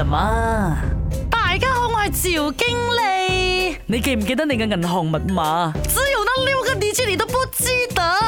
什麼？大家好，我係趙經理。你記唔記得你嘅銀行密碼？只有那六個 digit 你都不知道。